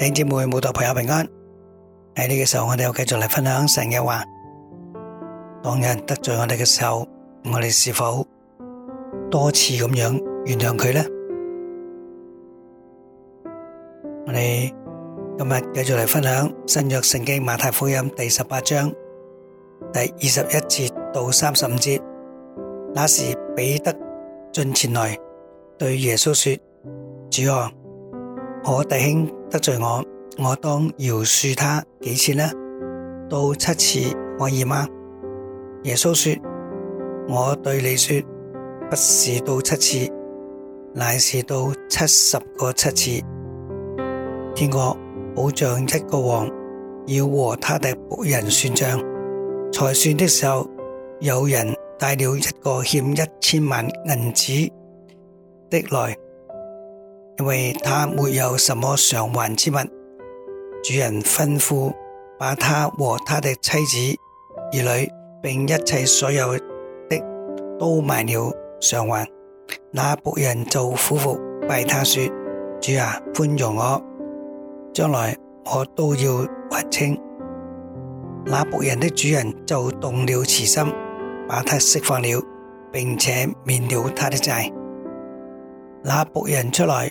弟兄姊妹，慕道朋友平安。喺呢個時候，我哋又繼續嚟分享神嘅話。當人得罪我哋嘅時候，我哋是否多次咁樣原諒佢呢？我哋今日繼續嚟分享新約聖經馬太福音第十八章第二十一節到三十五節。那時，彼得進前來對耶穌說：主啊！我弟兄得罪我，我當饒恕他幾次呢？到七次可以嗎？耶穌說：我對你說，不是到七次，乃是到七十個七次。天國好像一個王要和他的僕人算賬，才算的時候，有人帶了一個欠一千萬銀子的來。因為他沒有什麼償還之物，主人吩咐把他和他的妻子、兒女，並一切所有的都賣了償還。那僕人就俯伏拜他說：主啊，寬容我，將來我都要還清。那僕人的主人就動了慈心，把他釋放了，並且免了他的債。那僕人出來。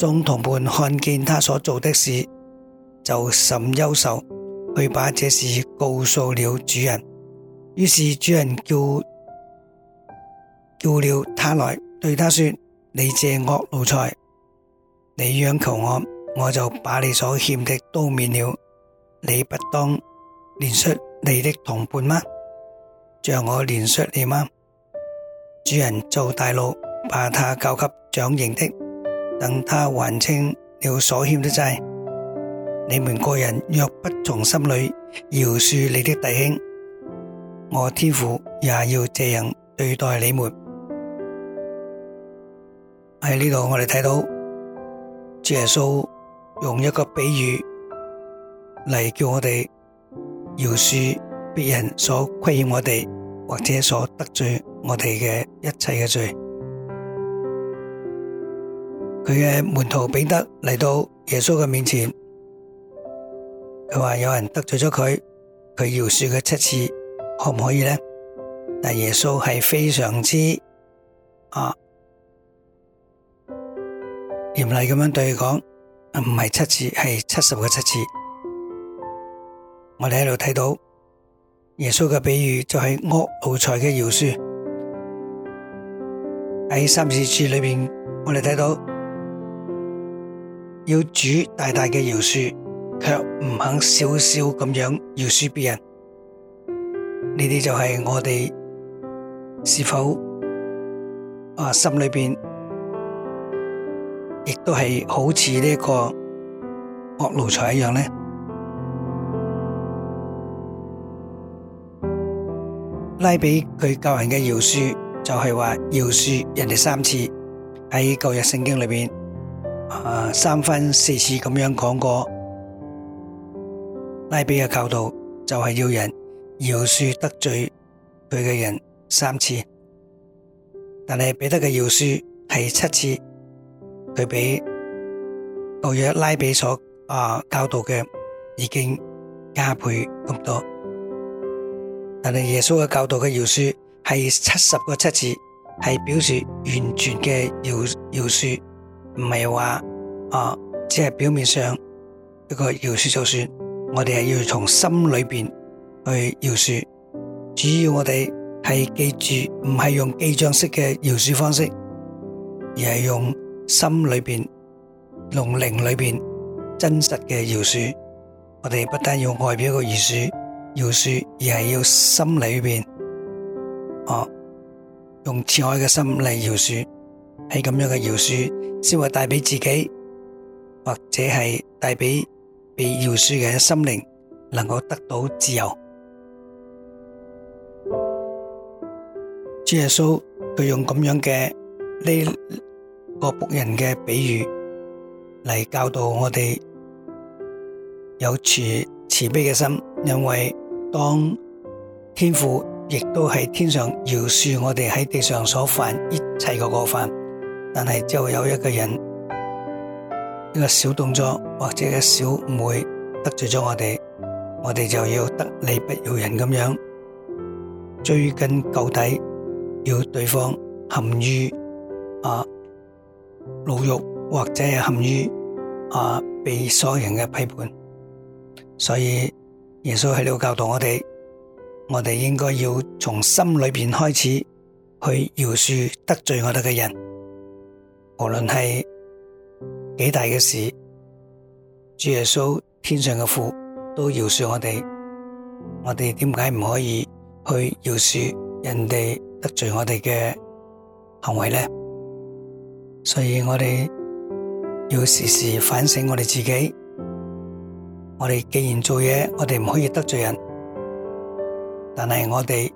眾同伴看見他所做的事，就甚憂愁,愁，去把這事告訴了主人。於是主人叫叫了他來，對他說：你這惡奴才，你央求我，我就把你所欠的都免了。你不當憐恤你的同伴嗎？像我憐恤你嗎？主人就大怒，把他交給掌刑的。等他還清了所欠的債。你們各人若不從心裏饒恕你的弟兄，我天父也要這樣對待你們。喺呢度，我哋睇到耶穌用一個比喻嚟，叫我哋饒恕別人所虧欠我哋或者所得罪我哋嘅一切嘅罪。佢嘅門徒彼得嚟到耶穌嘅面前，佢話有人得罪咗佢，佢饒恕嘅七次，可唔可以呢？但耶穌係非常之啊嚴厲咁樣對佢講，唔係七次，係七十個七次。我哋喺度睇到耶穌嘅比喻就係惡奴才嘅饒恕。喺《三字經》裏邊，我哋睇到。要煮大大嘅饒恕，卻唔肯少少咁樣饒恕別人，呢啲就係我哋是否啊心裏邊亦都係好似呢一個惡奴才一樣呢？拉比佢教人嘅饒恕就係話饒恕人哋三次，喺舊約聖經裏邊。啊，三番四次咁樣講過，拉比嘅教導就係要人饒恕得罪佢嘅人三次，但係彼得嘅饒恕係七次，佢俾約拉比所啊教導嘅已經加倍咁多，但係耶穌嘅教導嘅饒恕係七十個七次，係表示完全嘅饒饒恕。唔係話啊，即、哦、係表面上一個饒恕就算，我哋係要從心裏邊去饒恕。主要我哋係記住，唔係用記賬式嘅饒恕方式，而係用心裏邊、龍靈裏邊真實嘅饒恕。我哋不單要外表一個饒恕、饒恕，而係要心裏邊，哦，用慈愛嘅心嚟饒恕。喺咁樣嘅饒恕，先會帶俾自己，或者係帶俾被饒恕嘅心靈，能夠得到自由。主耶穌佢用咁樣嘅呢個僕人嘅比喻嚟教導我哋有住慈悲嘅心，因為當天父亦都喺天上饒恕我哋喺地上所犯一切嘅過犯。但係就有一個人，一個小動作或者一個小誤會得罪咗我哋，我哋就要得理不饒人咁樣追根究底，要對方陷於啊牢獄或者係陷於啊被所有人嘅批判。所以耶穌喺度教導我哋，我哋應該要從心裏邊開始去饒恕得罪我哋嘅人。無論係幾大嘅事，主耶穌天上嘅父都饒恕我哋，我哋點解唔可以去饒恕人哋得罪我哋嘅行為咧？所以我哋要時時反省我哋自己。我哋既然做嘢，我哋唔可以得罪人，但係我哋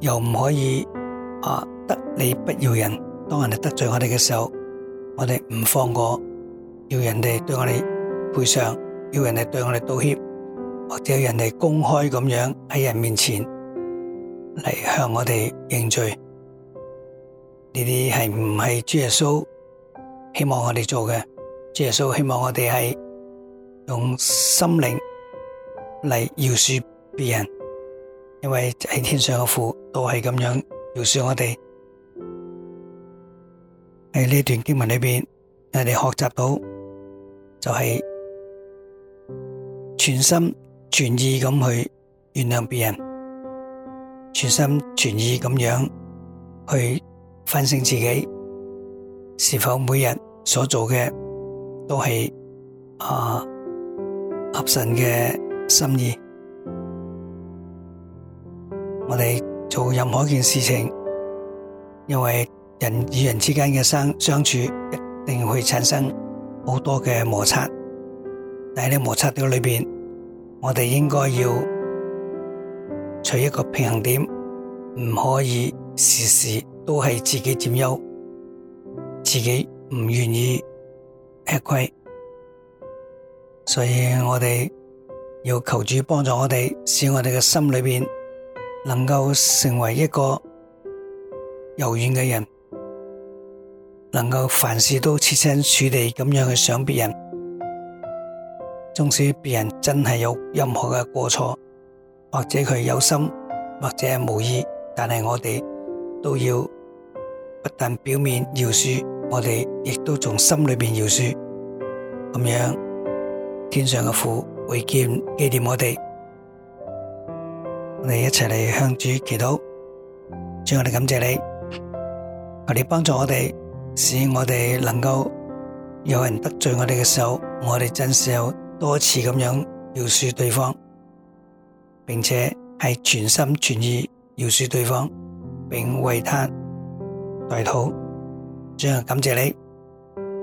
又唔可以啊，得理不饒人。當人哋得罪我哋嘅時候，我哋唔放過，要人哋對我哋賠償，要人哋對我哋道歉，或者要人哋公開咁樣喺人面前嚟向我哋認罪。呢啲係唔係主耶穌希望我哋做嘅？主耶穌希望我哋係用心靈嚟饒恕別人，因為喺天上嘅父都係咁樣饒恕我哋。喺呢段經文裏邊，我哋學習到就係全心全意咁去原諒別人，全心全意咁樣去反省自己，是否每日所做嘅都係啊合神嘅心意？我哋做任何一件事情，因為。人與人之間嘅相相處，一定會產生好多嘅摩擦。但係呢摩擦嘅裏邊，我哋應該要取一個平衡點，唔可以時時都係自己佔優，自己唔願意吃虧。所以我哋要求主幫助我哋，使我哋嘅心裏邊能夠成為一個柔軟嘅人。能夠凡事都設身處地咁樣去想別人，縱使別人真係有任何嘅過錯，或者佢有心，或者係無意，但係我哋都要不但表面饒恕，我哋亦都從心裏邊饒恕，咁樣天上嘅父會記紀念我哋。我哋一齊嚟向主祈禱，主，我哋感謝你，求你幫助我哋。使我哋能夠有人得罪我哋嘅時候，我哋真時候多次咁樣饒恕對方，並且係全心全意饒恕對方，並為他代禱，最後感謝你，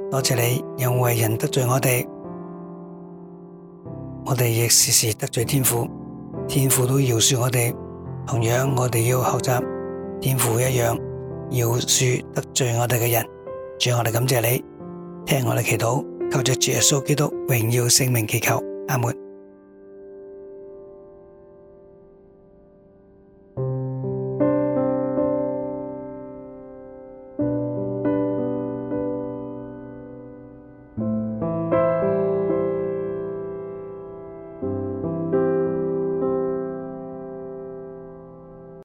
多謝你，因為人得罪我哋，我哋亦時時得罪天父，天父都饒恕我哋，同樣我哋要學習天父一樣饒恕得罪我哋嘅人。主，我哋感謝你，聽我哋祈禱，求着主耶穌基督榮耀聖名祈求，阿門。